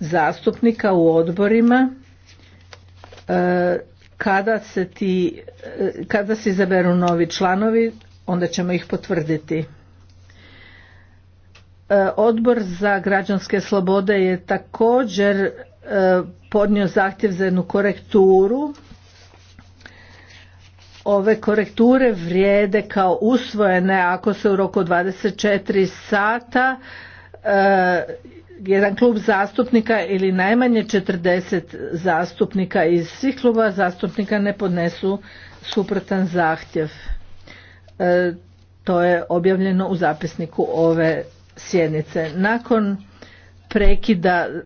zastupnika u odborima e, kada se ti e, kada se izaberu novi članovi onda ćemo ih potvrditi e, Odbor za građanske slobode je također podnio zahtjev za jednu korekturu ove korekture vrijede kao usvojene ako se u roku 24 sata E, jedan klub zastupnika ili najmanje 40 zastupnika iz svih kluba zastupnika ne podnesu suprotan zahtjev. E, to je objavljeno u zapisniku ove sjednice. Nakon prekida